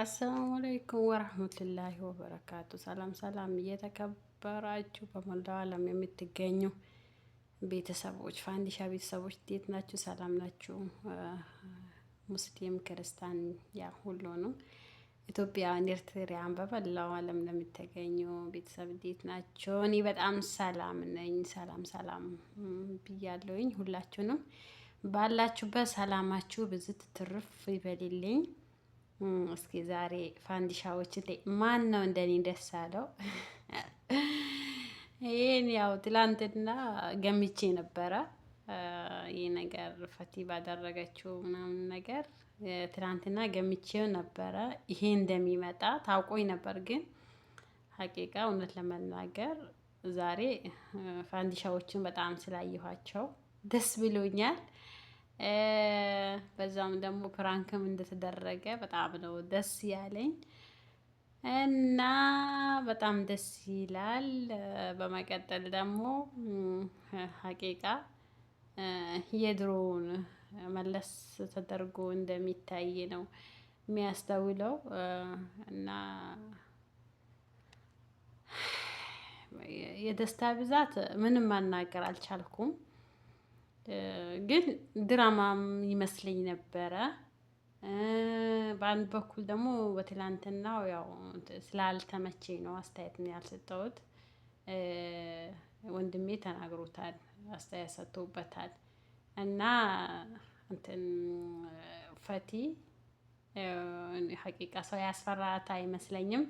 አሰላሙ አለይኩም ወራህመቱላሂ ወበረካቱ። ሰላም ሰላም፣ እየተከበራችሁ በመላው ዓለም የምትገኙ ቤተሰቦች ፋንዲሻ ቤተሰቦች እንዴት ናችሁ? ሰላም ናችሁ? ሙስሊም ክርስቲያን፣ ያ ሁሉ ነው ኢትዮጵያን፣ ኤርትራያን በመላው ዓለም ለምትገኙ ቤተሰብ እንዴት ናቸው? እኔ በጣም ሰላም ነኝ። ሰላም ሰላም ብያለሁኝ። ሁላችሁንም ባላችሁበት ሰላማችሁ ብዝት ትርፍ ይበልልኝ። እስኪ ዛሬ ፋንዲሻዎች ማን ነው እንደኔ ደስ አለው? ይህን ያው ትላንትና ገምቼ ነበረ። ይህ ነገር ፈቲ ባደረገችው ምናምን ነገር ትላንትና ገምቼው ነበረ። ይሄ እንደሚመጣ ታውቆኝ ነበር፣ ግን ሀቂቃ እውነት ለመናገር ዛሬ ፋንዲሻዎችን በጣም ስላየኋቸው ደስ ብሎኛል። በዛም ደግሞ ፕራንክም እንደተደረገ በጣም ነው ደስ ያለኝ እና በጣም ደስ ይላል። በመቀጠል ደግሞ ሀቂቃ የድሮውን መለስ ተደርጎ እንደሚታይ ነው የሚያስተውለው እና የደስታ ብዛት ምንም ማናገር አልቻልኩም። ግን ድራማም ይመስለኝ ነበረ። በአንድ በኩል ደግሞ በትላንትናው ያው ነው አስተያየት ያልሰጠሁት። ወንድሜ ተናግሮታል፣ አስተያየት ሰጥቶበታል። እና እንትን ፈቲ ሀቂቃ ሰው ያስፈራት አይመስለኝም።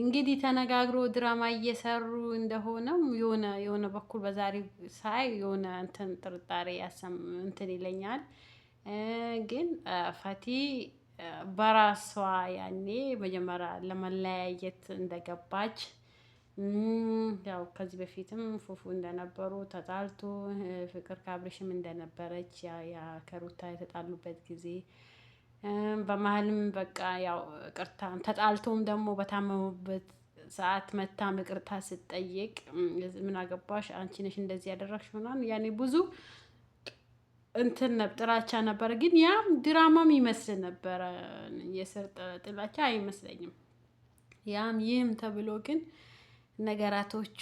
እንግዲህ ተነጋግሮ ድራማ እየሰሩ እንደሆነም የሆነ የሆነ በኩል በዛሬ ሳይ የሆነ እንትን ጥርጣሬ ያሰም እንትን ይለኛል። ግን ፈቲ በራሷ ያኔ መጀመሪያ ለመለያየት እንደገባች ያው ከዚህ በፊትም ፉፉ እንደነበሩ ተጣልቶ ፍቅር ካብርሽም እንደነበረች ያ ከሩታ የተጣሉበት ጊዜ በመሀልም በቃ ያው ቅርታ ተጣልቶም ደግሞ በታመሙበት ሰዓት መታም ይቅርታ ስጠየቅ ምን አገባሽ አንቺ ነሽ እንደዚህ ያደረግሽ ሆናን ያኔ ብዙ እንትን ጥላቻ ነበረ። ግን ያም ድራማም ይመስል ነበረ። የስር ጥላቻ አይመስለኝም። ያም ይህም ተብሎ ግን ነገራቶቹ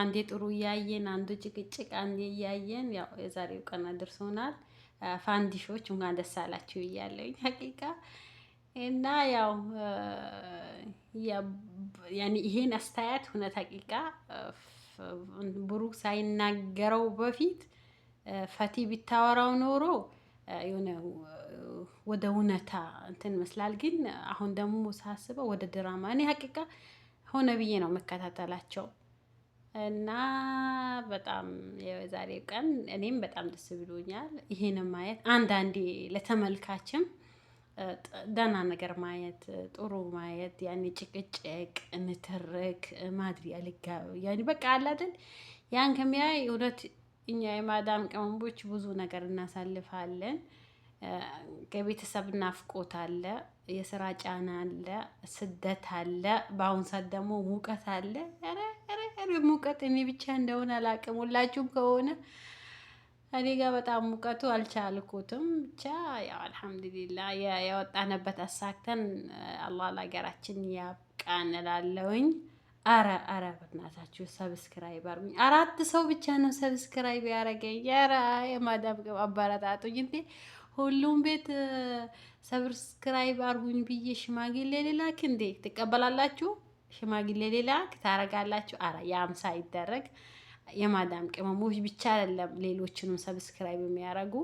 አንዴ ጥሩ እያየን አንዱ ጭቅጭቅ አንዴ እያየን ያው የዛሬው ቀን አድርሶናል። ፋንዲሾች እንኳን ደስ አላችሁ እያለኝ ሀቂቃ እና ያው ያኔ ይሄን አስተያየት ሁነት ሀቂቃ ብሩክ ሳይናገረው በፊት ፈቲ ቢታወራው ኖሮ የሆነ ወደ እውነታ እንትን ይመስላል። ግን አሁን ደግሞ ሳስበው ወደ ድራማ እኔ ሀቂቃ ሆነ ብዬ ነው የምከታተላቸው እና በጣም የዛሬው ቀን እኔም በጣም ደስ ብሎኛል። ይህን ማየት አንዳንዴ ለተመልካችም ደህና ነገር ማየት ጥሩ ማየት ያኔ ጭቅጭቅ፣ ንትርክ ማድሪ ያልጋ ያኔ በቃ አላደል ያን ከሚያይ እውነት እኛ የማዳም ቅመሞች ብዙ ነገር እናሳልፋለን። ከቤተሰብ ናፍቆት አለ። የስራ ጫና አለ፣ ስደት አለ፣ በአሁን ሰዓት ደግሞ ሙቀት አለ። ሙቀት እኔ ብቻ እንደሆነ አላውቅም፣ ሁላችሁም ከሆነ እኔ ጋር በጣም ሙቀቱ አልቻልኩትም። ብቻ ያው አልሐምዱሊላ ያወጣንበት አሳክተን አላህ ለሀገራችን ያብቃን እላለሁኝ። አረ አረ በእናታችሁ ሰብስክራይበር አራት ሰው ብቻ ነው ሰብስክራይብ ያደረገኝ። ኧረ የማዳም አበረታቱኝ እንዴ! ሁሉም ቤት ሰብስክራይብ አርጉኝ ብዬ ሽማግሌ ሌላ እንዴ ትቀበላላችሁ? ሽማግሌ ሌላ ታረጋላችሁ? አረ የአምሳ ይደረግ። የማዳም ቅመሞች ብቻ አይደለም፣ ሌሎችንም ሰብስክራይብ የሚያረጉ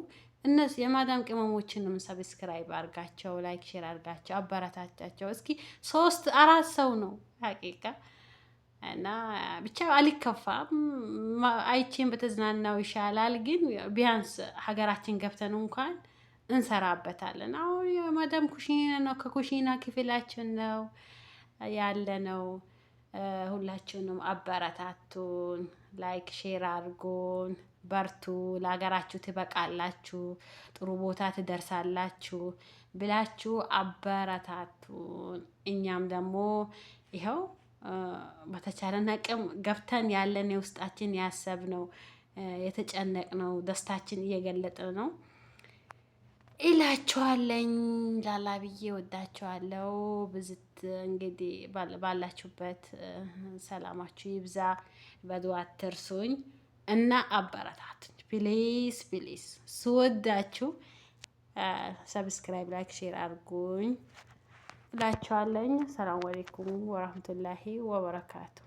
እነሱ የማዳም ቅመሞችንም ሰብስክራይብ አርጋቸው፣ ላይክ ሼር አርጋቸው፣ አበረታቻቸው። እስኪ ሶስት አራት ሰው ነው ሀቂቃ እና ብቻ አልከፋም። አይቼን በተዝናናው ይሻላል። ግን ቢያንስ ሀገራችን ገብተን እንኳን እንሰራበታለን። አሁን የማዳም ኩሽና ነው ከኩሽና ክፍላችን ነው ያለ ነው። ሁላችሁንም አበረታቱን፣ ላይክ ሼር አድርጎን፣ በርቱ፣ ለሀገራችሁ ትበቃላችሁ፣ ጥሩ ቦታ ትደርሳላችሁ ብላችሁ አበረታቱን። እኛም ደግሞ ይኸው በተቻለን አቅም ገብተን ያለን የውስጣችን የተጨነቅ ነው ደስታችን እየገለጠ ነው። እላችኋለኝ። ላላ ብዬ ወዳችኋለው። ብዝት እንግዲህ ባላችሁበት ሰላማችሁ ይብዛ። በድዋ ትርሱኝ እና አበረታት ፕሊስ ፕሊስ። ስወዳችሁ ሰብስክራይብ፣ ላይክ፣ ሼር አድርጉኝ እላችኋለኝ። ሰላም አለይኩም ወራህመቱላሂ ወበረካቱ